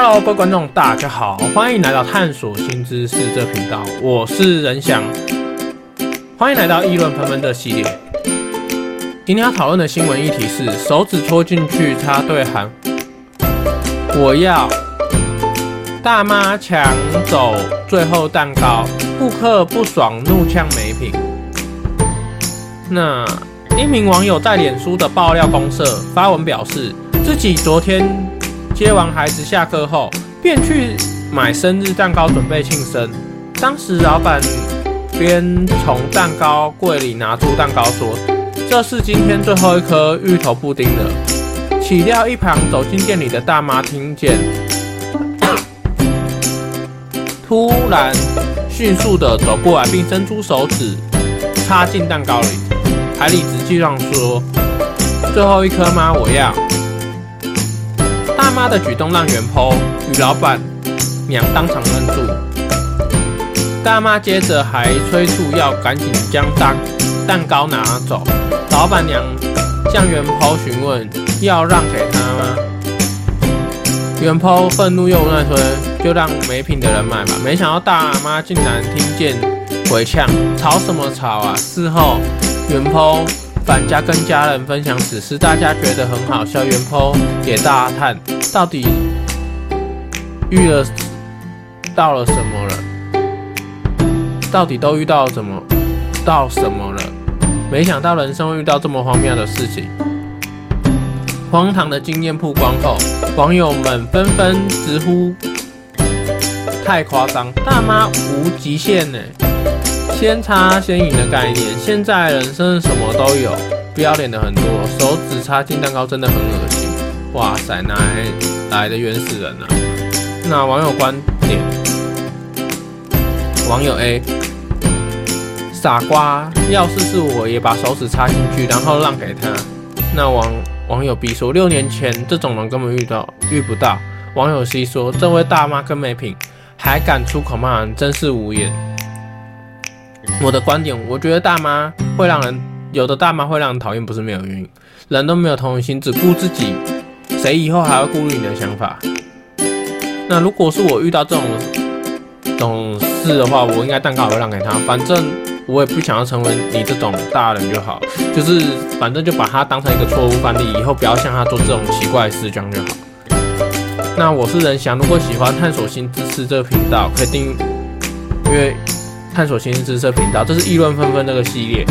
Hello，各位觀眾，大家好，歡迎來到探索新知識這頻道，我是仁翔，歡迎來到議論紛紛的系列。今天要討論的新聞議題是：手指戳進去插隊喊我要，大媽搶走最後蛋糕，顧客不爽怒嗆沒品。那一名網友在臉書的爆料公社發文表示，自己昨天。接完孩子下課後，便去買生日蛋糕準備慶生。當時老闆便從蛋糕櫃裡拿出蛋糕，說：“這是今天最後一顆芋頭布丁了。”豈料一旁走進店裡的大媽聽見，突然迅速地走過來，並伸出手指插進蛋糕裡，還理直氣壯說：“最後一顆嗎？我要！”大媽的舉動讓原 PO 與老闆娘當場愣住，大媽接着還催促要趕緊將蛋蛋糕拿走。老闆娘向原 PO 詢問要讓給他嗎？原 PO 憤怒又無奈說：“就讓沒品的人買吧。”沒想到大媽竟然聽見回嗆：“吵什麼吵啊！”事後，原 PO 家跟家人分享此事，只是大家覺得很好笑。原 PO 給大家看到底遇了到了什麼了？到底都遇到了什麼到什麼了？沒想到人生會遇到這麼荒謬的事情。荒唐的經驗曝光後，網友們紛紛直呼太誇張，大媽無極限呢、欸！先插先贏的概念，現在人生是什麼都有，不要臉的很多。手指插進蛋糕真的很惡心。哇塞，哪來哪來的原始人啊？那網友觀點：網友 A，傻瓜，要是是我也把手指插進去，然後讓給他。那網網友 B 說，六年前這種人根本遇到遇不到。網友 C 說，這位大媽更沒品，還敢出口罵人，真是無言。我的觀點，我覺得大媽會讓人有的大媽會讓人討厭，不是沒有原因，人都沒有同情心，只顧自己，誰以後還會顧慮你的想法？那如果是我遇到這種種事的話，我應該蛋糕會讓給他，反正我也不想要成為你這種大人就好，就是反正就把他當成一個錯誤範例，以後不要像他做這種奇怪的事這樣就好。那我是仁翔，祥如果喜歡探索新知識支持這個頻道，可以訂閱。探索新知識頻道，這是議論紛紛這個系列。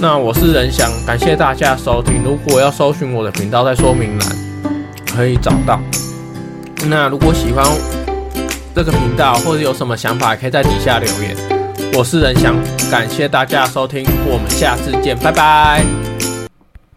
那我是仁翔，感謝大家的收聽。如果要搜尋我的頻道，在說明欄可以找到。那如果喜歡這個頻道，或者有什麼想法，可以在底下留言。我是仁翔，感謝大家的收聽，我們下次見，拜拜。